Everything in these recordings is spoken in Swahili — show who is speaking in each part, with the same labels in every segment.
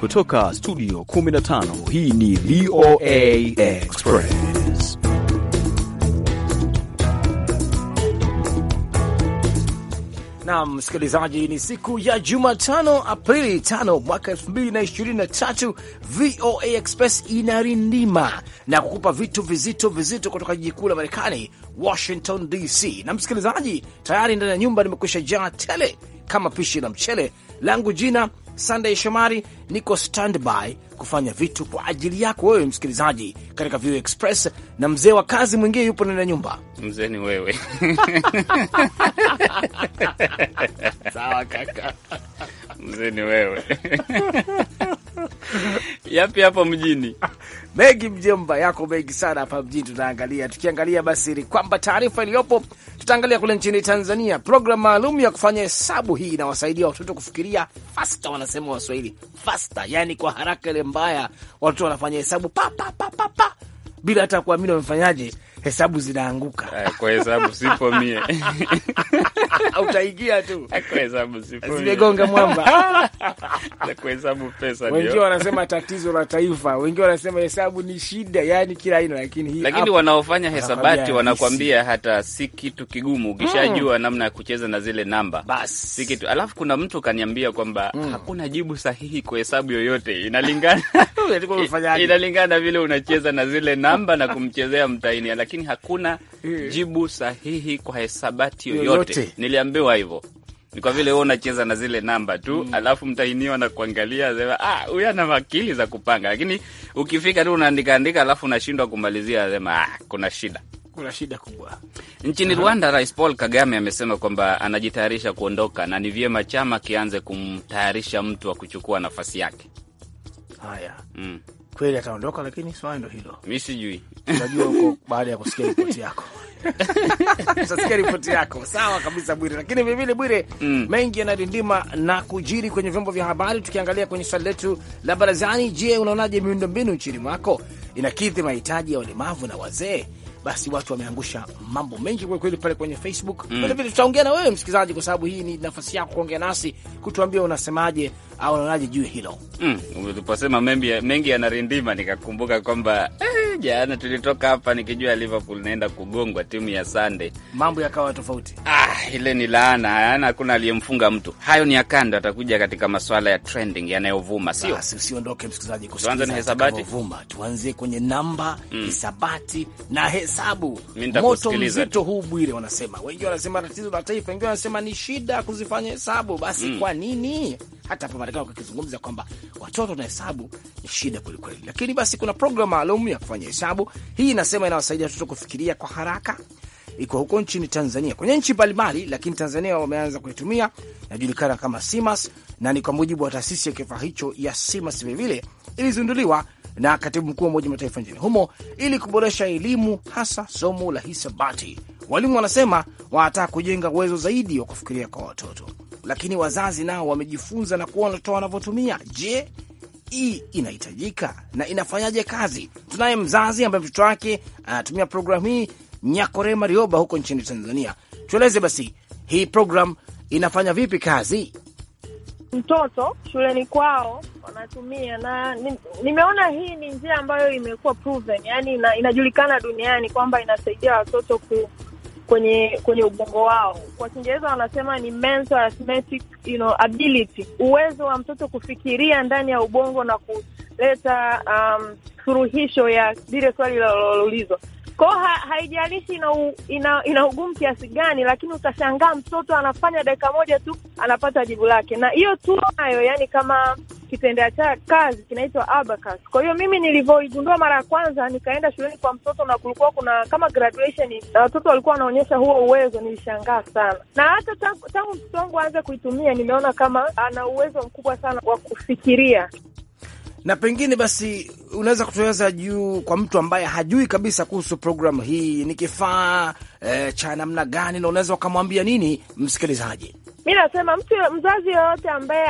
Speaker 1: Kutoka studio 15 hii ni VOA Express.
Speaker 2: msikilizaji, ni siku ya Jumatano, Aprili 5 mwaka 2023. VOA Express inarindima na kukupa vitu vizito vizito kutoka jiji kuu la Marekani, Washington DC. Na msikilizaji, tayari ndani ya nyumba nimekwisha jaa tele kama pishi la mchele langu. Jina Sunday Shomari, niko standby kufanya vitu kwa ajili yako wewe msikilizaji katika View Express, na mzee wa kazi mwingine yupo ndani ya nyumba.
Speaker 3: Mzee ni wewe. Sawa kaka mzini wewe
Speaker 2: yapi hapo mjini mengi mjomba yako mengi sana hapa mjini tunaangalia tukiangalia basi kwamba taarifa iliyopo tutaangalia kule nchini Tanzania programu maalum ya kufanya hesabu hii inawasaidia watoto kufikiria fasta wanasema waswahili fasta yani kwa haraka ile mbaya watoto wanafanya hesabu pa, pa, pa, pa, pa bila hata kuamini wamefanyaje hesabu zinaanguka. Eh,
Speaker 3: kwa hesabu sipo mie utaigia tu, eh, kwa hesabu sipo mie, zimegonga mwamba. Kwa hesabu pesa, wengi wanasema
Speaker 2: tatizo la taifa, wengi wanasema hesabu ni shida, yani kila aina, lakini hii lakini wanaofanya
Speaker 3: hesabati wanakwambia hata si kitu kigumu ukishajua mm, namna ya kucheza na zile namba basi si kitu. Alafu kuna mtu kaniambia kwamba mm, hakuna jibu sahihi kwa hesabu yoyote, inalingana inalingana vile unacheza na zile namba na kumchezea mtaini lakini hakuna eh. jibu sahihi kwa hesabati yoyote. Niliambiwa hivyo ni kwa vile huo unacheza na zile namba tu mm. Alafu mtahiniwa na kuangalia sema, ah, huyu ana akili za kupanga, lakini ukifika tu unaandika andika, alafu unashindwa kumalizia, sema ah, kuna shida
Speaker 2: kuna shida kubwa
Speaker 3: nchini Aha. Rwanda, Rais Paul Kagame amesema kwamba anajitayarisha kuondoka na ni vyema chama kianze kumtayarisha mtu wa kuchukua nafasi yake. Haya, mm
Speaker 2: kweli ataondoka, lakini swali ndo hilo, mi sijui. Unajua huko baada ya kusikia ripoti yako utasikia ripoti yako. Sawa kabisa Bwire, lakini vilevile Bwire, mm. mengi yanarindima na kujiri kwenye vyombo vya habari. Tukiangalia kwenye swali letu la barazani, je, unaonaje miundombinu nchini mwako inakidhi mahitaji ya walemavu na wazee? basi watu wameangusha mambo mengi kwa kweli pale kwenye Facebook. Vilevile mm. vile tutaongea na wewe msikilizaji, kwa sababu hii ni nafasi yako kuongea nasi, kutuambia unasemaje au unaonaje juu hilo.
Speaker 3: Mm. Uliposema mengi yanarindima, nikakumbuka kwamba eh, jana tulitoka hapa nikijua Liverpool naenda kugongwa timu ya Sunday,
Speaker 2: mambo yakawa tofauti. Ah,
Speaker 3: ile ni laana, yaani hakuna aliyemfunga mtu. Hayo ni akando, atakuja katika masuala ya trending yanayovuma, sio? Basi
Speaker 2: usiondoke msikilizaji, kusikiliza tuanze na hesabati, tuanze kwenye namba mm. hesabati na he hesabu moto mzito huu Bwire, wanasema wengi, wanasema tatizo la taifa, wengi wanasema ni shida kuzifanya hesabu. Basi mm. kwa nini hata hapa Marekani wakizungumza kwamba watoto na hesabu ni shida kwelikweli, lakini basi kuna programu maalum ya kufanya hesabu. Hii inasema inawasaidia watoto kufikiria kwa haraka iko huko nchini Tanzania, kwenye nchi mbalimbali, lakini Tanzania wameanza kuitumia. Inajulikana kama na ni kwa mujibu wa taasisi ya kifaa hicho ya SIMAS vilevile ilizinduliwa na katibu mkuu wa Umoja Mataifa nchini humo ili kuboresha elimu hasa somo la hisabati. Walimu wanasema wanataka kujenga uwezo zaidi wa kufikiria kwa watoto, lakini wazazi nao wamejifunza na kuona watoto wanavyotumia. Je, hii inahitajika na inafanyaje kazi? Tunaye mzazi ambaye mtoto wake anatumia programu hii, Nyakore Marioba huko nchini Tanzania. Tueleze basi hii programu inafanya vipi kazi? mtoto
Speaker 4: shuleni kwao wanatumia, na nimeona hii ni njia ambayo imekuwa proven, yani ina, inajulikana duniani kwamba inasaidia watoto ku, kwenye kwenye ubongo wao. Kwa Kiingereza wanasema ni mental arithmetic, you know, ability, uwezo wa mtoto kufikiria ndani ya ubongo na kuleta um, suluhisho ya lile swali lilolulizwa kwao ha, haijalishi ina, ina, ina ugumu kiasi gani, lakini utashangaa mtoto anafanya dakika moja tu anapata jibu lake, na hiyo tu nayo, yani kama kitendea cha kazi kinaitwa abacus. Kwa hiyo mimi nilivyoigundua mara ya kwanza, nikaenda shuleni kwa mtoto na kulikuwa kuna kama graduation na watoto walikuwa wanaonyesha huo uwezo, nilishangaa sana. Na hata tangu mtoto wangu aanze kuitumia, nimeona kama ana uwezo mkubwa sana wa kufikiria
Speaker 2: na pengine basi unaweza kutueleza juu kwa mtu ambaye hajui kabisa kuhusu programu hii, ni kifaa e, cha namna gani, na unaweza ukamwambia nini msikilizaji?
Speaker 4: Mi nasema mtu mzazi yoyote ambaye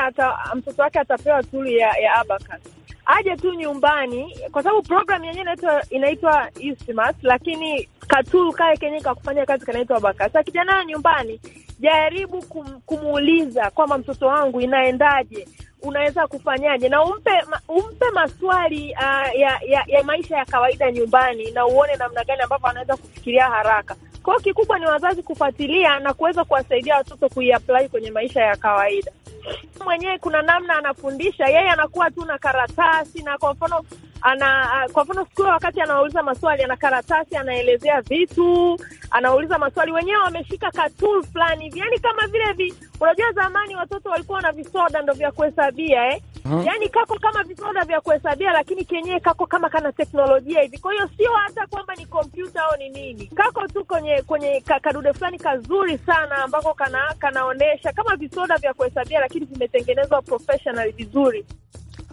Speaker 4: mtoto wake atapewa tulu ya, ya Abacus aje tu nyumbani, kwa sababu programu yenyewe inaitwa Eastmas, lakini katulu kae kenyewe kakufanya kazi kanaitwa Abacus. Akija nayo nyumbani, jaribu kum, kumuuliza kwamba mtoto wangu inaendaje unaweza kufanyaje, na umpe umpe maswali uh, ya, ya ya maisha ya kawaida nyumbani, na uone namna gani ambavyo anaweza kufikiria haraka. Kwa hiyo kikubwa ni wazazi kufuatilia na kuweza kuwasaidia watoto kuiapply kwenye maisha ya kawaida. Mwenyewe kuna namna anafundisha yeye, anakuwa tu na karatasi na kwa mfano ana kwa mfano siku wakati anawauliza maswali ana karatasi, anaelezea vitu, anawauliza maswali wenyewe, wameshika katul fulani hivi, yani kama vile vi, unajua zamani watoto walikuwa na visoda ndo vya kuhesabia eh? huh? Yani kako kama vidonda vya kuhesabia, lakini kenyewe kako kama kana teknolojia hivi. Kwa hiyo sio hata kwamba ni kompyuta au ni nini, kako tu kwenye kwenye kadude fulani kazuri sana ambako kana kanaonyesha kama visoda vya kuhesabia, lakini vimetengenezwa professional vizuri.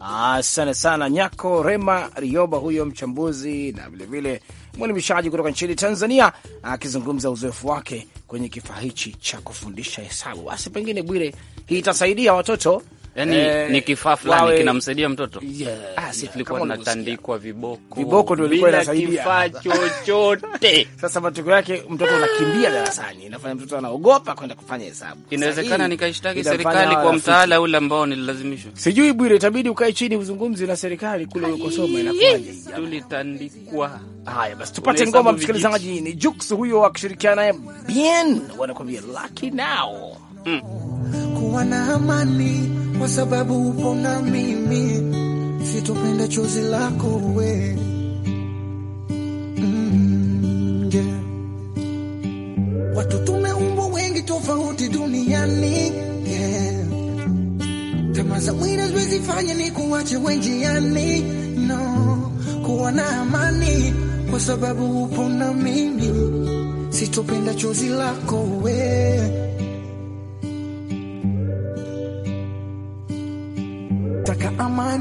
Speaker 5: Asante
Speaker 2: ah, sana Nyako Rema Rioba, huyo mchambuzi na vilevile mwelimishaji kutoka nchini Tanzania akizungumza ah, uzoefu wake kwenye kifaa hichi cha kufundisha hesabu. Basi pengine Bwire, hii itasaidia watoto yani eh, ni kifaa fulani kinamsaidia
Speaker 3: mtoto. Yeah, ah, si tulikuwa natandikwa viboko. Viboko ndio ilikuwa inasaidia. Kifaa chochote.
Speaker 2: Sasa matokeo yake mtoto anakimbia darasani, inafanya mtoto anaogopa kwenda kufanya hesabu. Inawezekana nikaishtaki serikali kwa mtaala
Speaker 3: ule ambao nililazimishwa.
Speaker 2: Sijui Bwire, itabidi ukae chini uzungumze na serikali kule ulikosoma inakuwaje. Tulitandikwa. Haya basi tupate ngoma msikilizaji, ni Jux huyo akishirikiana naye Bien wanakuambia Lucky Now.
Speaker 6: Mm kuwa na amani, kwa sababu upo na mimi, sitopenda chozi lako we mm, yeah. Watu tumeumbwa wengi tofauti duniani yeah. Tamaa za mwili haziwezi fanya ni kuwache wenjiani no, kuwa na amani kwa sababu upo na mimi, sitopenda chozi lako we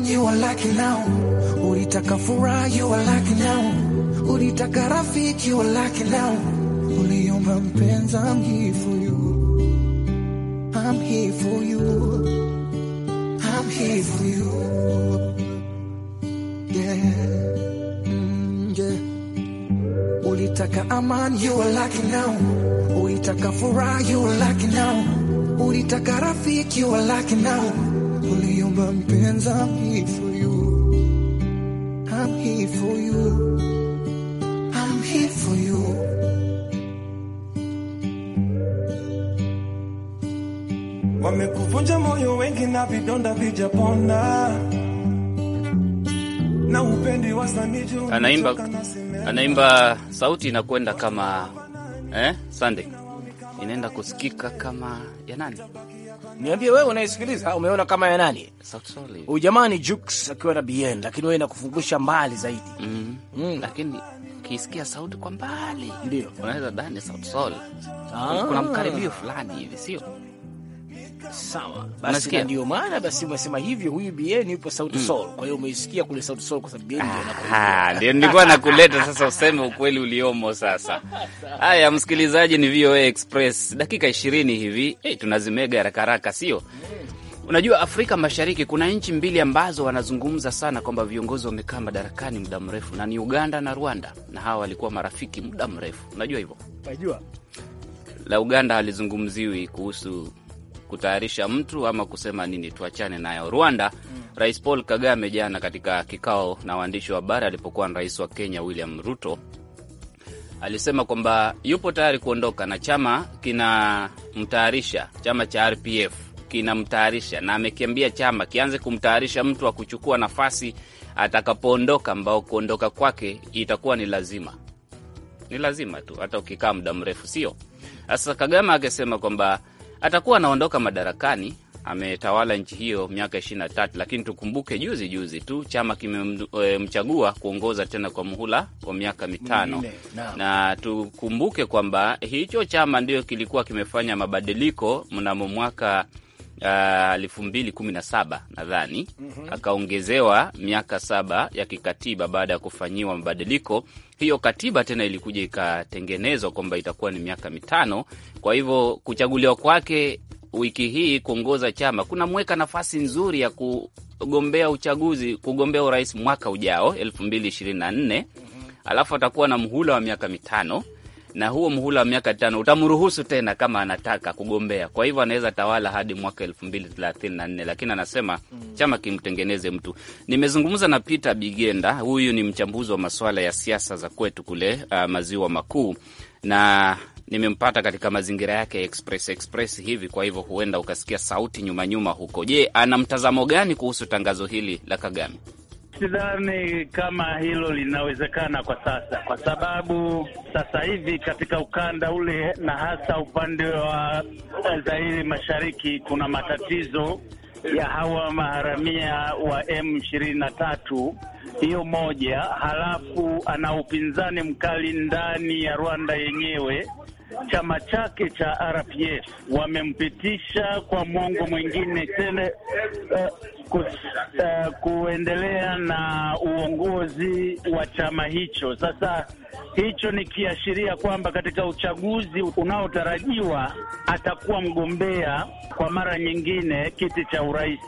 Speaker 6: you are lucky now. Ulitaka furaha, you are lucky now. Ulitaka rafiki, you are lucky now. Uliomba mpenza, I'm here for you. I'm here for you. I'm here for you. Yeah. Mm, yeah. Ulitaka amani, you are lucky now. Ulitaka furaha, you are lucky now. Ulitaka rafiki, you are lucky now. Uliomba mpenza, I'm here for you, I'm here for you, I'm here for you.
Speaker 1: Wamekuvunja moyo wengi na vidonda vijapona na upendi
Speaker 3: Anaimba, anaimba, sauti inakwenda kama eh, Sunday inaenda kusikika kama ya nani? niambie wewe
Speaker 2: unaisikiliza, umeona kama ya nani? Huyu
Speaker 3: jamani Jux
Speaker 2: akiwa na BN, lakini wewe inakufungusha mbali zaidi. Mm. Mm. Lakini ukisikia sauti kwa mbali ndio unaweza dani sauti sol. Ah. Kuna mkaribio fulani hivi sio? Sawa, basi ndio maana basi umesema hivyo, huyu BN yupo Sauti hmm. Sol. Kwa hiyo umeisikia kule Sauti Sol kwa sababu BN
Speaker 3: ndio nilikuwa nakuleta sasa, useme ukweli uliomo sasa. Haya, msikilizaji, ni VOA Express dakika ishirini hivi. Hey, tunazimega haraka haraka, sio? Unajua, Afrika Mashariki kuna nchi mbili ambazo wanazungumza sana kwamba viongozi wamekaa madarakani muda mrefu, na ni Uganda na Rwanda, na hawa walikuwa marafiki muda mrefu. Unajua hivyo? Najua la Uganda halizungumziwi kuhusu kutayarisha mtu ama kusema nini, tuachane nayo. Rwanda, mm. Rais Paul Kagame jana katika kikao na waandishi wa habari alipokuwa na rais wa Kenya William Ruto alisema kwamba yupo tayari kuondoka na chama kinamtayarisha, chama cha RPF kinamtayarisha, na amekiambia chama kianze kumtayarisha mtu wa kuchukua nafasi atakapoondoka, ambao kuondoka kwake itakuwa ni lazima, ni lazima tu, hata ukikaa muda mrefu sio. Sasa Kagame akisema kwamba atakuwa anaondoka madarakani. Ametawala nchi hiyo miaka na tatu lakini tukumbuke juzi juzi tu chama kimemchagua eh, kuongoza tena kwa muhula wa miaka mitano Mine, na. na tukumbuke kwamba hicho chama ndio kilikuwa kimefanya mabadiliko mnamo mwaka elfu ah, uh, mbili kumi na saba nadhani mm -hmm. Akaongezewa miaka saba ya kikatiba baada ya kufanyiwa mabadiliko. Hiyo katiba tena ilikuja ikatengenezwa kwamba itakuwa ni miaka mitano. Kwa hivyo kuchaguliwa kwake wiki hii kuongoza chama kunamweka nafasi nzuri ya kugombea uchaguzi, kugombea urais mwaka ujao elfu mbili ishirini na nne mhm. alafu atakuwa na mhula wa miaka mitano na huo mhula wa miaka tano utamruhusu tena kama anataka kugombea. Kwa hivyo anaweza tawala hadi mwaka elfu mbili thelathini na nne, lakini anasema mm, chama kimtengeneze mtu. Nimezungumza na Peter Bigenda, huyu ni mchambuzi wa masuala ya siasa za kwetu kule uh, maziwa makuu na nimempata katika mazingira yake ya express express hivi. Kwa hivyo huenda ukasikia sauti nyumanyuma huko. Je, ana mtazamo gani kuhusu tangazo hili la Kagame?
Speaker 5: Sidhani kama hilo linawezekana kwa sasa, kwa sababu sasa hivi katika ukanda ule na hasa upande wa Zairi mashariki kuna matatizo ya hawa maharamia wa M23, hiyo moja. Halafu ana upinzani mkali ndani ya Rwanda yenyewe chama chake cha RPF wamempitisha kwa mwongo mwingine tena, uh, kus, uh, kuendelea na uongozi wa chama hicho. Sasa hicho ni kiashiria kwamba katika uchaguzi unaotarajiwa atakuwa mgombea kwa mara nyingine kiti cha urais.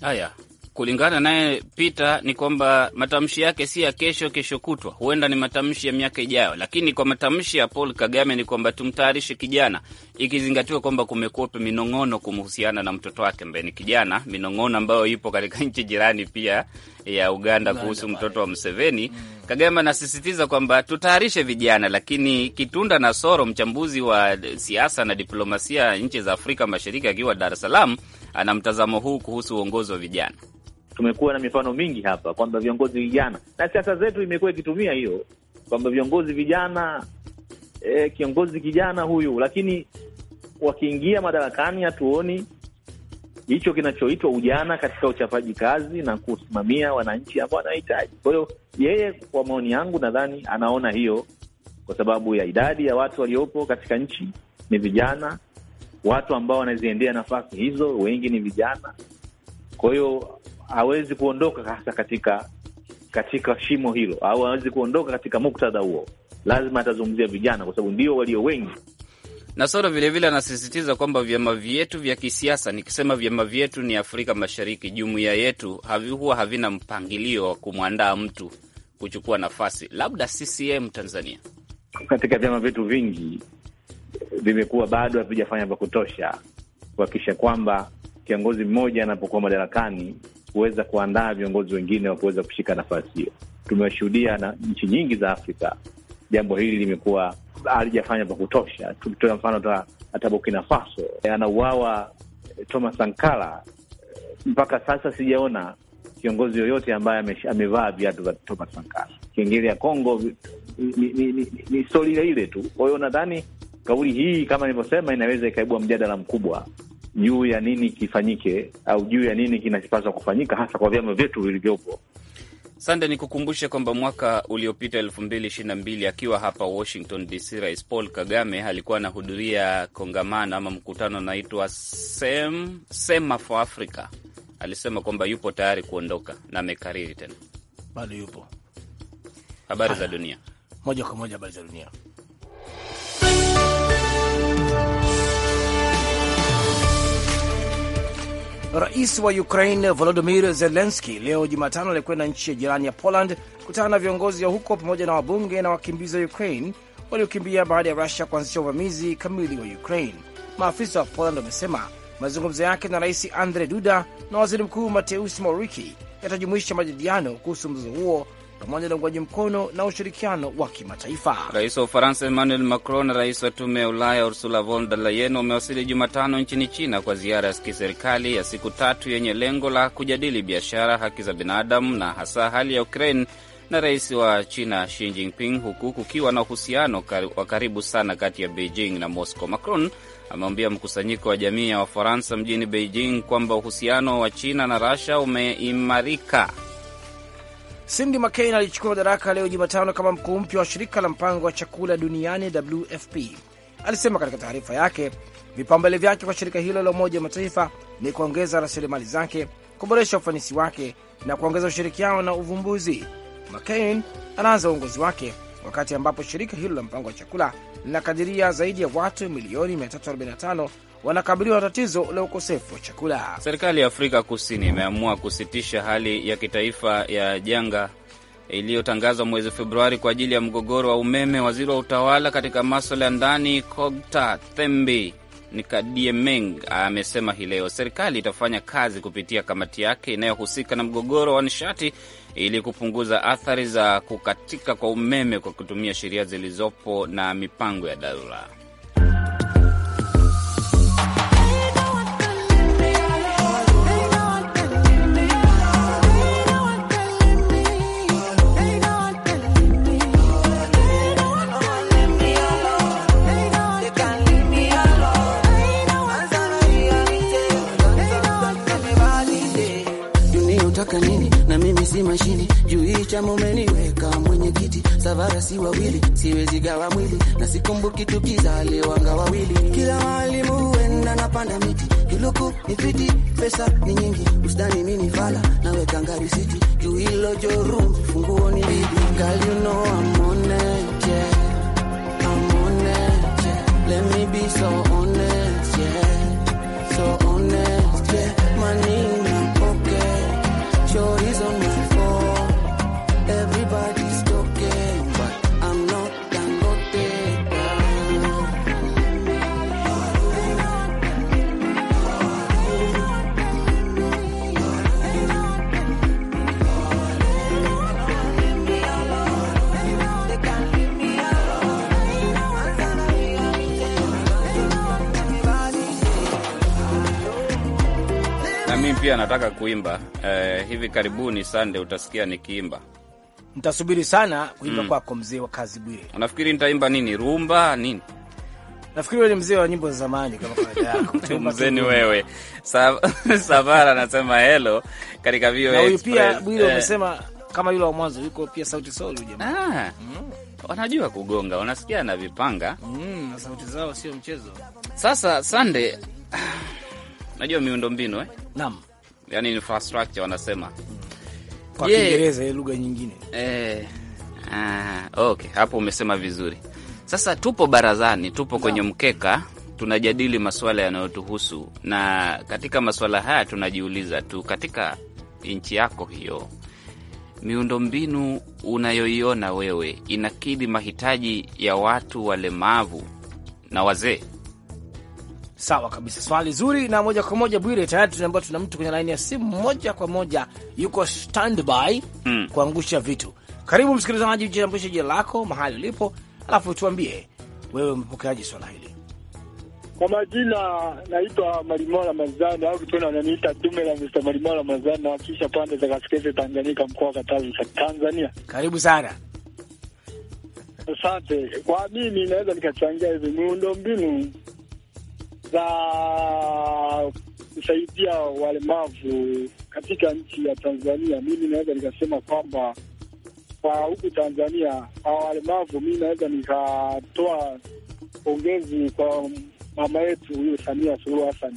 Speaker 3: Haya, kulingana naye Peter ni kwamba matamshi yake si ya kesho kesho kutwa, huenda ni matamshi ya miaka ijayo, lakini kwa matamshi ya Paul Kagame ni kwamba tumtayarishe kijana, ikizingatiwa kwamba kumekuwepo minong'ono kumhusiana na mtoto wake ambaye ni kijana, minong'ono ambayo ipo katika nchi jirani pia ya Uganda kuhusu mtoto wa Mseveni. Mm. Kagame anasisitiza kwamba tutayarishe vijana, lakini Kitunda na Soro, mchambuzi wa siasa na diplomasia nchi za Afrika Mashariki, akiwa Dar es Salaam, ana mtazamo huu kuhusu uongozi wa vijana
Speaker 5: tumekuwa na mifano mingi hapa kwamba viongozi vijana na siasa zetu imekuwa ikitumia hiyo kwamba viongozi vijana e, kiongozi kijana huyu, lakini wakiingia madarakani hatuoni hicho kinachoitwa ujana katika uchapaji kazi na kusimamia wananchi ambao wanahitaji. Kwa hiyo yeye, kwa maoni yangu, nadhani anaona hiyo, kwa sababu ya idadi ya watu waliopo katika nchi ni vijana, watu ambao wanaziendea nafasi hizo wengi ni vijana. Kwa hiyo hawezi kuondoka hasa katika katika shimo hilo, au hawezi kuondoka katika muktadha huo. Lazima atazungumzia vijana, kwa sababu ndio walio wengi.
Speaker 3: Nasoro vilevile anasisitiza kwamba vyama vyetu vya kisiasa, nikisema vyama vyetu ni Afrika Mashariki, jumuiya yetu, huwa havina mpangilio wa kumwandaa mtu kuchukua nafasi, labda CCM Tanzania.
Speaker 5: Katika vyama vyetu vingi vimekuwa bado havijafanya vya kutosha kuhakikisha kwamba kiongozi mmoja anapokuwa madarakani kuweza kuandaa viongozi wengine wa kuweza kushika nafasi hiyo. Tumeshuhudia na nchi nyingi za Afrika jambo hili limekuwa halijafanya vya kutosha. Tukitoa mfano hata Burkina Faso, anauawa eh, Thomas Sankara, eh, mpaka sasa sijaona kiongozi yoyote ambaye amevaa viatu vya Thomas Sankara. Kengele ya Kongo ni historia ile tu. Kwa hiyo nadhani kauli hii kama nilivyosema, inaweza ikaibua mjadala mkubwa juu ya nini kifanyike au juu ya nini kinachopaswa kufanyika hasa kwa vyama vyetu vilivyopo.
Speaker 3: Sande, nikukumbushe kwamba mwaka uliopita elfu mbili ishirini na mbili akiwa hapa Washington DC, Rais Paul Kagame alikuwa anahudhuria kongamano ama mkutano unaitwa Sem, Sema for Africa. Alisema kwamba yupo tayari kuondoka na amekariri tena bado yupo. Habari za dunia
Speaker 2: moja kwa moja, habari za dunia Rais wa Ukraine volodimir zelenski leo Jumatano alikwenda nchi ya jirani ya Poland kukutana na viongozi wa huko pamoja na wabunge na wakimbizi wa Ukraine waliokimbia baada ya Rusia kuanzisha uvamizi kamili wa Ukraine. Maafisa wa Poland wamesema mazungumzo yake na Rais andre Duda na Waziri Mkuu Mateusz Morawiecki yatajumuisha majadiliano kuhusu mzozo huo pamoja na uungwaji mkono na ushirikiano wa kimataifa.
Speaker 3: Rais wa Ufaransa Emmanuel Macron na rais wa Tume ya Ulaya Ursula von der Leyen wamewasili Jumatano nchini China kwa ziara ya kiserikali ya siku tatu yenye lengo la kujadili biashara, haki za binadamu na hasa hali ya Ukraine na rais wa China Xi Jinping, huku kukiwa na uhusiano wa karibu sana kati ya Beijing na Moscow. Macron ameambia mkusanyiko wa jamii ya Wafaransa mjini Beijing kwamba uhusiano wa China na Russia umeimarika
Speaker 2: Cindy McCain alichukua madaraka leo Jumatano kama mkuu mpya wa shirika la mpango wa chakula duniani WFP. Alisema katika taarifa yake, vipaumbele vyake kwa shirika hilo la Umoja wa Mataifa ni kuongeza rasilimali zake, kuboresha ufanisi wake na kuongeza ushirikiano na uvumbuzi. McCain anaanza uongozi wake wakati ambapo shirika hilo la mpango wa chakula linakadiria zaidi ya watu milioni 345 wanakabiliwa na tatizo la ukosefu wa chakula.
Speaker 3: Serikali ya Afrika Kusini imeamua kusitisha hali ya kitaifa ya janga iliyotangazwa mwezi Februari kwa ajili ya mgogoro wa umeme. Waziri wa utawala katika maswala ya ndani Kogta Thembi Nikadiemeng amesema hii leo serikali itafanya kazi kupitia kamati yake inayohusika na mgogoro wa nishati ili kupunguza athari za kukatika kwa umeme kwa kutumia sheria zilizopo na mipango ya dharura.
Speaker 6: chama umeniweka mwenyekiti, savara si wawili, siwezi gawa mwili na sikumbuki tukizaliwanga wawili. Kila walimu huenda napanda miti, kiluku ni fiti, pesa ni nyingi, ustani mini fala nawekanga risiti juu hilo joru funguo ni bibi girl you know I'm on it
Speaker 3: nataka kuimba eh, hivi karibuni Sande utasikia nikiimba.
Speaker 2: Ntasubiri sana kuimba mm. kwako mzee wa kazi Bwire.
Speaker 3: Unafikiri ntaimba nini? Rumba nini?
Speaker 2: Nafikiri wewe ni mzee wa nyimbo za zamani kama kawaida
Speaker 3: yako. Mzee ni wewe. Savara anasema hello katika Vio Express. Na huyu pia Bwire eh. umesema kama yule wa mwanzo yuko pia Sauti Soul jamaa. Ah. Mm. Wanajua kugonga, wanasikia na vipanga.
Speaker 2: Mm, na sauti zao sio mchezo.
Speaker 3: Sasa Sande, najua miundo mbinu eh? Naam yani infrastructure wanasema hmm. kwa Kiingereza
Speaker 2: yeah, lugha nyingine
Speaker 3: eh. Ah, okay, hapo umesema vizuri. Sasa tupo barazani, tupo kwenye mkeka tunajadili masuala yanayotuhusu, na katika masuala haya tunajiuliza tu, katika nchi yako hiyo, miundombinu unayoiona wewe inakidhi mahitaji ya watu walemavu na wazee?
Speaker 2: Sawa kabisa, swali zuri na moja kwa moja. Bwire, tayari tunaambia tuna mtu kwenye laini ya simu moja kwa moja, yuko standby mm, kuangusha vitu. Karibu msikilizaji, jitambulishe jina lako, mahali ulipo, alafu tuambie wewe umepokeaje swala hili.
Speaker 7: Kwa majina naitwa Malimao Ramadhani au kitu wananiita dume la Mr. Malimao Ramadhani, nawakilisha pande za Kaskese, Tanganyika, mkoa wa Katavi, Tanzania.
Speaker 2: Karibu sana.
Speaker 7: Asante. Kwa mimi naweza nikachangia hivi, miundo mbinu za kusaidia walemavu katika nchi ya Tanzania, mimi naweza nikasema kwamba kwa huku Tanzania a walemavu, mii naweza nikatoa pongezi kwa mama yetu huyo Samia Suluhu Hassan,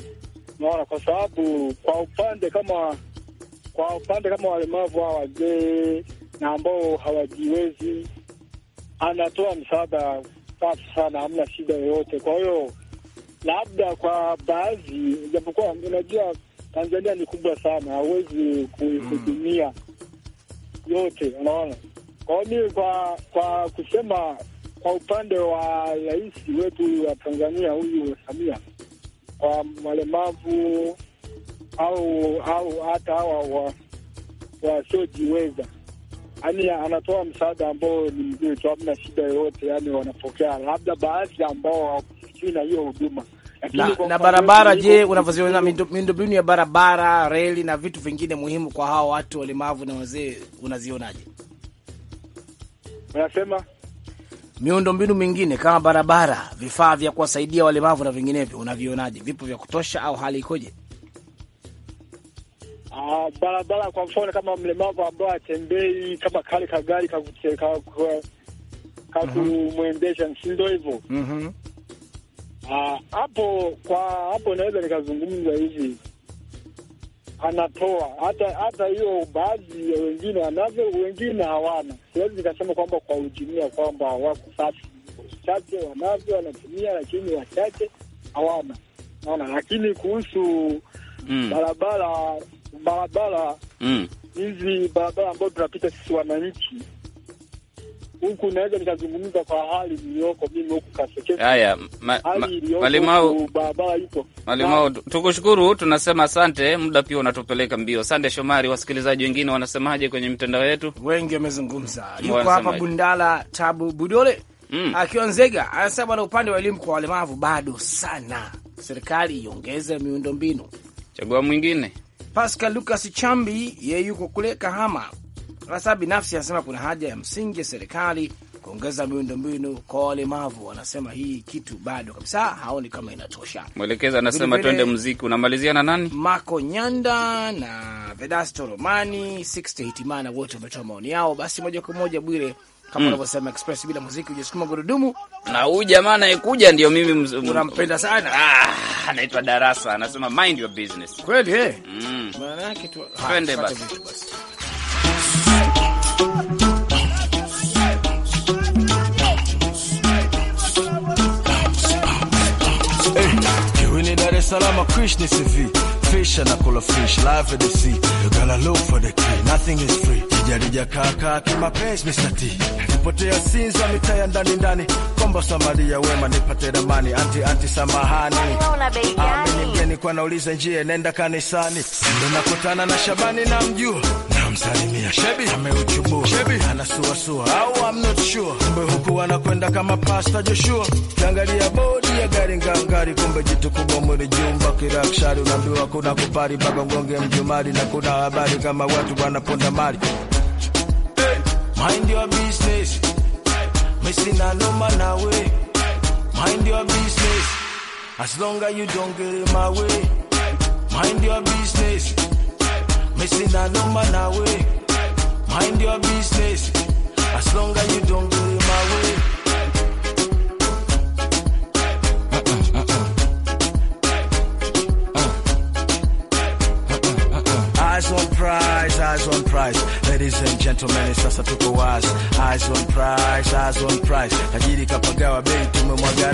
Speaker 7: naona kwa sababu kwa upande kama kwa upande kama walemavu hawa wazee na ambao hawajiwezi, anatoa msaada safi sana, hamna shida yoyote. Kwa hiyo labda kwa baadhi, japokuwa unajua Tanzania ni kubwa sana, hauwezi kuihudumia mm. yote, unaona. Kwa mi kwa kwa kusema kwa upande wa rais wetu wa Tanzania huyu Samia, kwa walemavu au au hata hawa wasiojiweza yaani anatoa msaada ambao ni mzuri tu, hamna shida yoyote. Yaani wanapokea labda baadhi ambao hawakufikiwi na hiyo huduma, na, na barabara. Je, unavyoziona
Speaker 2: miundombinu ya barabara, reli na vitu vingine muhimu kwa hawa watu walemavu na wazee, unazionaje? Unasema miundombinu mingine kama barabara, vifaa vya kuwasaidia walemavu na vinginevyo, unavionaje? Vipo vya kutosha au hali ikoje?
Speaker 7: Uh, barabara kwa mfano kama mlemavu ambaye atembei kama kale kagari mhm. kakumwendesha, si ndio hivyo? Mhm. Ah, hapo kwa hapo naweza nikazungumza hivi, anatoa hata hata hiyo, baadhi ya wengine wanavyo, wengine hawana. Siwezi nikasema kwamba kwa ujumia kwamba wako safi, wachache wanavyo, wanatumia, lakini wachache hawana, naona. Lakini kuhusu mm. barabara barabara mm. hizi mm. barabara ambayo tunapita sisi wananchi huku naweza nikazungumza kwa hali iliyoko mimi huku Kasekese.
Speaker 3: Haya, Malimao,
Speaker 7: barabara ipo Malimao.
Speaker 3: Tukushukuru, tunasema asante, muda pia unatupeleka mbio. Sande Shomari, wasikilizaji wengine wanasemaje kwenye mitandao yetu? Wengi wamezungumza, yuko hapa
Speaker 2: Bundala Tabu Budole Mm. Akiwa Nzega anasema na upande wa elimu kwa walemavu bado sana, serikali iongeze miundo mbinu. Chagua mwingine. Pascal Lucas Chambi, yeye yuko kule Kahama, Hasa binafsi anasema kuna haja ya msingi ya serikali kuongeza miundombinu kwa walemavu. Wanasema hii kitu bado kabisa haoni kama inatosha.
Speaker 3: Mwelekezi anasema twende mziki. Unamalizia na nani?
Speaker 2: Mako Nyanda na Vedasto Romani, Sixte Hitimana, wote wametoa maoni yao. Basi moja kwa moja, Bwire kama hmm. unavyosema mm, express bila muziki hujasukuma gurudumu.
Speaker 3: Na huyu jamaa anayekuja ndio mimi unampenda sana, ah, anaitwa Darasa, anasema mind your business. Kweli eh, hmm. maana yake tu twende ah, basi.
Speaker 1: Dar es Salaam, Krishna CV. Fish and I call fish, life at the sea. You gotta look for the key, nothing is free. Kijarija kaka kimapenzi Mr. T. Nipotea sinzi wa mitaa ndani ndani. Komba ya wema nipate ramani. Anti anti samahani. Amini mgeni kwa nauliza njie, nenda kanisani. Ndo nakutana na Shabani na mjua. Namsalimia Shebi ameuchubua. Shebi anasuasua au I'm not sure. mbe huku wanakwenda kama Pastor Joshua. Kiangalia boy gari ngangari, kumbe jitu kubwa mwili jumba kirakshari. kuna kupari mpaka mjumari, na kuna habari kama watu wanaponda mali. Mind your business, misina noma na we. Mind your business, as long as you don't get in my way. Mind your business, misina noma na we. Mind your business, as long as you don't get in my way. eyes on price. Ladies and gentlemen, sasa tuko wazi, eyes on price, eyes on price. Tajiri kapagawa bei, tumemwaga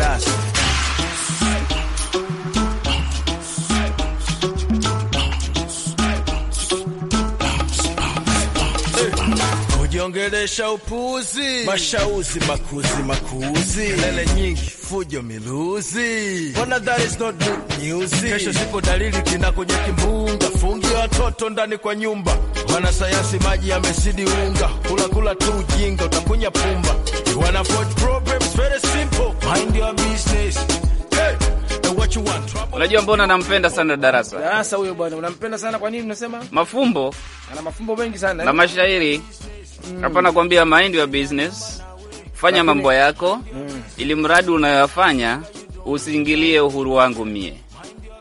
Speaker 1: kuongelesha upuzi, mashauzi makuzi makuzi, lele nyingi fujo miluzi, bona that is not good news. Kesho sipo dalili kina kwenye kimbunga, fungi watoto ndani kwa nyumba, wanasayansi maji yamesidi unga, kula kula tu ujinga, utakunya pumba, wana forge problems very simple,
Speaker 2: mind your business
Speaker 3: Unajua mbona nampenda sana Darasa?
Speaker 2: Darasa huyo bwana, unampenda sana kwa nini unasema?
Speaker 3: Mafumbo.
Speaker 2: Ana mafumbo mengi sana. Na mashairi.
Speaker 3: Mm. Hapa nakwambia mind your business, fanya mambo yako mm. ili mradi unayoyafanya usiingilie uhuru wangu mie.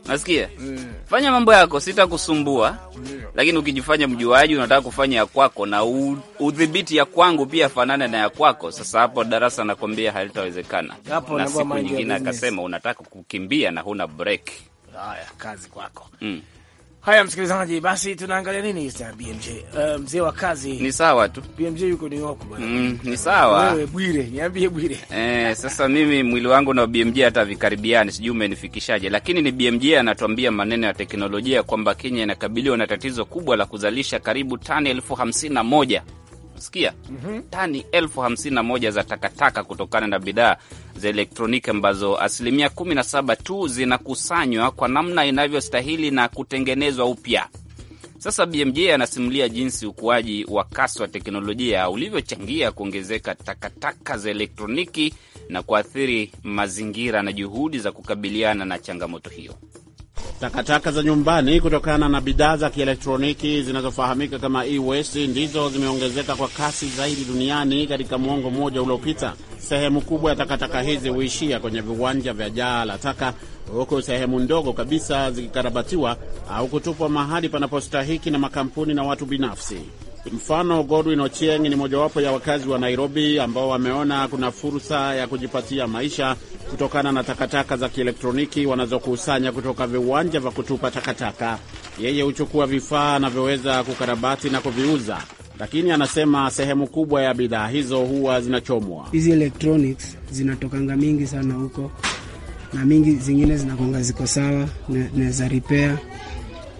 Speaker 3: Nasikia mm. fanya mambo yako, sitakusumbua mm. Lakini ukijifanya mjuaji, unataka kufanya ya kwako na udhibiti ya kwangu pia fanane na ya kwako. Sasa hapo darasa nakwambia halitawezekana, na siku nyingine akasema unataka kukimbia na huna break.
Speaker 2: Haya, kazi kwako mm. Haya, msikilizaji, basi tunaangalia nini sasa BMJ? Uh, eh, mzee wa kazi ni sawa
Speaker 3: tu. BMJ yuko New York bwana. Mm, ni sawa. Wewe
Speaker 2: Bwire, niambie Bwire.
Speaker 3: Eh, sasa mimi mwili wangu na BMJ hata vikaribiani, sijui umenifikishaje, lakini ni BMJ anatuambia maneno ya teknolojia kwamba Kenya inakabiliwa na tatizo kubwa la kuzalisha karibu tani elfu hamsini na moja sikia, mm -hmm. tani elfu hamsini na moja za takataka kutokana na bidhaa za elektroniki ambazo asilimia kumi na saba tu zinakusanywa kwa namna inavyostahili na kutengenezwa upya. Sasa BMJ anasimulia jinsi ukuaji wa kasi wa teknolojia ulivyochangia kuongezeka takataka za elektroniki na kuathiri mazingira na juhudi za kukabiliana na changamoto hiyo.
Speaker 8: Takataka za nyumbani kutokana na bidhaa za kielektroniki zinazofahamika kama e-waste ndizo zimeongezeka kwa kasi zaidi duniani katika mwongo mmoja uliopita. Sehemu kubwa ya takataka hizi huishia kwenye viwanja vya jaa la taka, huku sehemu ndogo kabisa zikikarabatiwa au kutupwa mahali panapostahiki na makampuni na watu binafsi. Mfano, Godwin Ochieng ni mojawapo ya wakazi wa Nairobi ambao wameona kuna fursa ya kujipatia maisha kutokana na takataka za kielektroniki wanazokusanya kutoka viwanja vya kutupa takataka. Yeye huchukua vifaa anavyoweza kukarabati na kuviuza, lakini anasema sehemu kubwa ya bidhaa hizo huwa zinachomwa.
Speaker 2: Hizi electronics zinatokanga mingi sana huko, na mingi zingine zinakonga ziko sawa, naweza ripea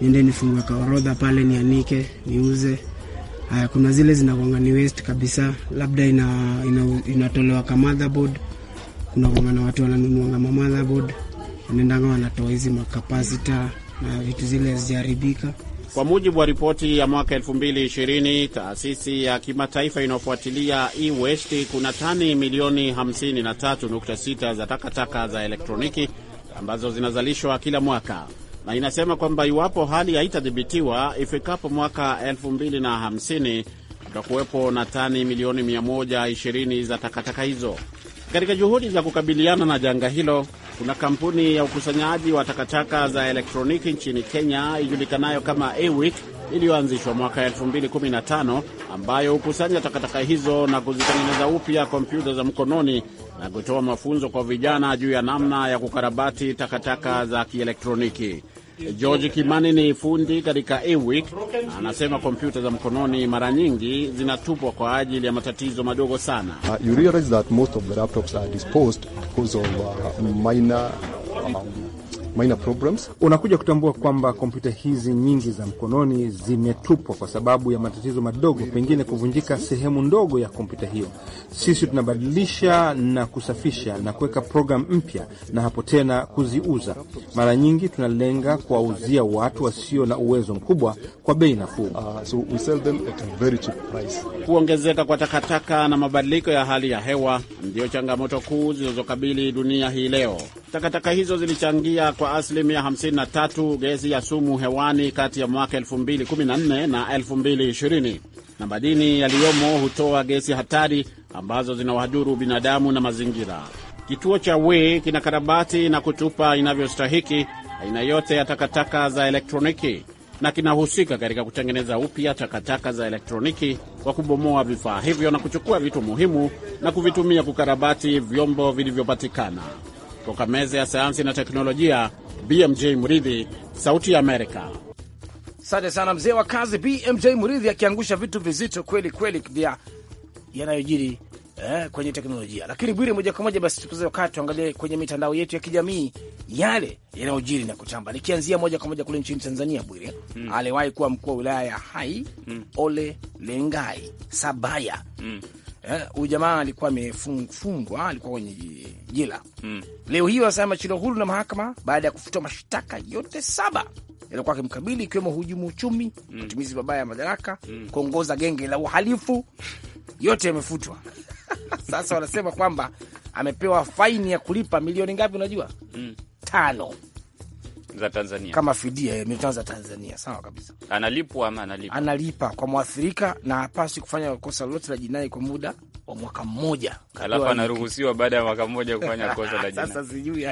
Speaker 2: niende nifungue kaorodha pale, nianike, niuze Aya, kuna zile zinakwanga ni waste kabisa, labda ina, ina, inatolewa ka motherboard. Kuna kwanga na watu wananunua kama motherboard, wanaendanga wanatoa hizi makapasita na vitu zile hazijaribika.
Speaker 8: Kwa mujibu wa ripoti ya mwaka 2020 taasisi ya kimataifa inayofuatilia e-waste, kuna tani milioni 53.6 za takataka za elektroniki ambazo zinazalishwa kila mwaka na inasema kwamba iwapo hali haitadhibitiwa ifikapo mwaka 2050 kutakuwepo na tani milioni 120 za takataka hizo. Katika juhudi za kukabiliana na janga hilo, kuna kampuni ya ukusanyaji wa takataka za elektroniki nchini Kenya ijulikanayo kama AWIC iliyoanzishwa mwaka 2015 ambayo hukusanya takataka hizo na kuzitengeneza upya kompyuta za mkononi na kutoa mafunzo kwa vijana juu ya namna ya kukarabati takataka za kielektroniki. George Kimani ni fundi katika eWIC na anasema kompyuta za mkononi mara nyingi zinatupwa kwa ajili ya matatizo madogo sana.
Speaker 7: Uh, you realize that most of the laptops are disposed because of uh, minor um, minor problems. Unakuja kutambua kwamba kompyuta hizi nyingi za mkononi zimetupwa kwa sababu ya matatizo madogo, pengine kuvunjika sehemu ndogo ya kompyuta hiyo. Sisi tunabadilisha na kusafisha na kuweka programu mpya, na hapo tena kuziuza. Mara nyingi tunalenga kuwauzia watu wasio na uwezo mkubwa kwa bei nafuu. Uh, so
Speaker 8: Kuongezeka kwa takataka na mabadiliko ya hali ya hewa ndiyo changamoto kuu zinazokabili dunia hii leo. Takataka hizo zilichangia kwa asilimia 53 gesi ya sumu hewani kati ya mwaka 2014 na 2020, na madini yaliyomo hutoa gesi hatari ambazo zinawadhuru binadamu na mazingira. Kituo cha Wii karabati na kutupa inavyostahiki aina yote ya takataka za elektroniki na kinahusika katika kutengeneza upya takataka za elektroniki kwa kubomoa vifaa hivyo na kuchukua vitu muhimu na kuvitumia kukarabati vyombo vilivyopatikana. Kutoka meza ya sayansi na teknolojia, BMJ Mridhi, Sauti ya Amerika. Asante sana mzee wa kazi BMJ Mridhi akiangusha vitu vizito kweli
Speaker 2: kweli vya yanayojiri eh, kwenye teknolojia. Lakini Bwire, moja kwa moja basi tukuze wakati tuangalie kwenye mitandao yetu ya kijamii yale yanayojiri na kutamba, nikianzia moja kwa moja kule nchini Tanzania. Bwire mm. aliwahi kuwa mkuu wa wilaya ya Hai mm. Ole Lengai Sabaya mm Eh, huyu jamaa alikuwa amefungwa, alikuwa kwenye jela mm. Leo hii anasema machilo huru na mahakama baada ya kufutwa mashtaka yote saba yaliokuwa akimkabili ikiwemo hujumu uchumi, hmm. matumizi mm. mabaya ya madaraka mm. kuongoza genge la uhalifu, yote yamefutwa. Sasa wanasema kwamba amepewa faini ya kulipa milioni ngapi? Unajua mm. tano
Speaker 3: za Tanzania kama fidia eh, ya milioni
Speaker 2: za Tanzania. Sawa kabisa,
Speaker 3: analipwa ama analipa,
Speaker 2: analipa kwa mwathirika na hapaswi kufanya kosa lolote la jinai kwa muda wa mwaka mmoja, alafu anaruhusiwa
Speaker 3: baada ya mwaka mmoja kufanya kosa la jina. Sasa sijui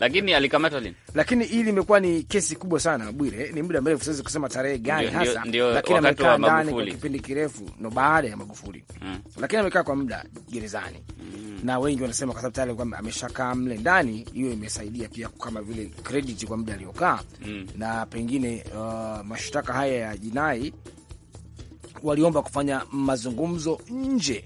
Speaker 3: lakini alikamatwa lini,
Speaker 2: lakini hili limekuwa ni kesi kubwa sana Bwire, ni muda mrefu, siwezi kusema tarehe gani hasa, lakini amekaa ndani kwa kipindi kirefu, no baada ya Magufuli hmm. lakini amekaa kwa muda gerezani mm. na wengi wanasema kwa sababu tayari kwamba ameshakaa mle ndani, hiyo imesaidia pia kama vile credit kwa muda aliokaa mm. na pengine uh, mashtaka haya ya jinai waliomba kufanya mazungumzo nje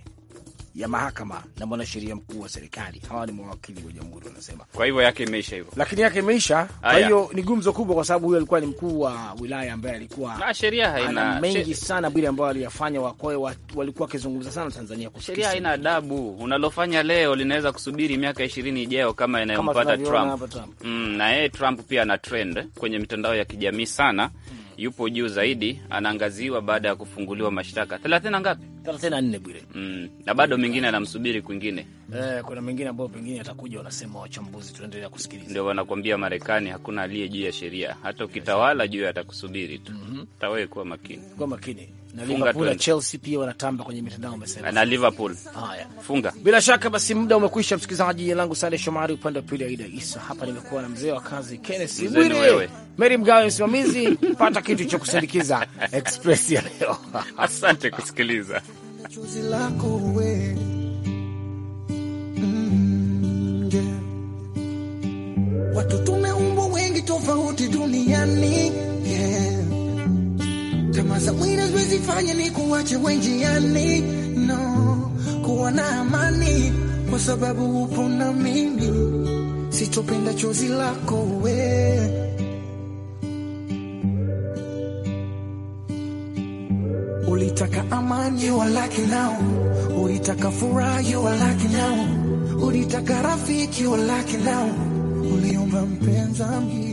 Speaker 2: ya mahakama na mwanasheria mkuu wa serikali. Hawa ni mawakili wa jamhuri wanasema,
Speaker 3: kwa hivyo yake imeisha hivyo, lakini yake imeisha. Kwa hiyo
Speaker 2: ni gumzo kubwa, kwa sababu huyo alikuwa ni mkuu wa wilaya ambaye alikuwa na sheria haina mengi sana bila ambayo aliyafanya wakoe, walikuwa wakizungumza sana Tanzania sheria haina
Speaker 3: adabu. Unalofanya leo linaweza kusubiri miaka ishirini ijayo, kama inayompata Trump. Trump. Mm, na yeye Trump pia ana trend kwenye mitandao ya kijamii sana Hmm yupo juu zaidi, anaangaziwa baada ya kufunguliwa mashtaka thelathini na ngapi? thelathini na nne Bwire. Mm, na bado mengine anamsubiri kwingine.
Speaker 2: Eh, kuna mengine ambayo pengine atakuja, wanasema wachambuzi, tunaendelea kusikiliza.
Speaker 3: Ndio wanakuambia Marekani hakuna aliye juu ya sheria, hata ukitawala juu atakusubiri tu. mm -hmm. Tawe kuwa makini, kuwa makini na Liverpool
Speaker 2: Chelsea pia wanatamba kwenye mitandao umesema. Na
Speaker 3: Liverpool. Haya. Funga.
Speaker 2: Bila shaka basi muda umekwisha msikilizaji. Jina langu Sande Shomari, upande wa pili Aida Isa. Hapa nimekuwa na mzee wa kazi Kenneth Bwire. Mary Mgawe
Speaker 6: msimamizi,
Speaker 2: pata kitu cha kusindikiza Express ya
Speaker 3: leo. Asante kusikiliza.
Speaker 6: Chozi lako wewe. Mm, Watu tumeumbwa wengi tofauti duniani Tamaa za mwili fanya ni kuwache wenjiani, no kuwa na amani, kwa sababu upo na mimi, sitopenda chozi lako we Ulitaka amani, you are lucky now. Ulitaka furaha, you are lucky now. Ulitaka rafiki, you are lucky now. Uliomba mpenza mimi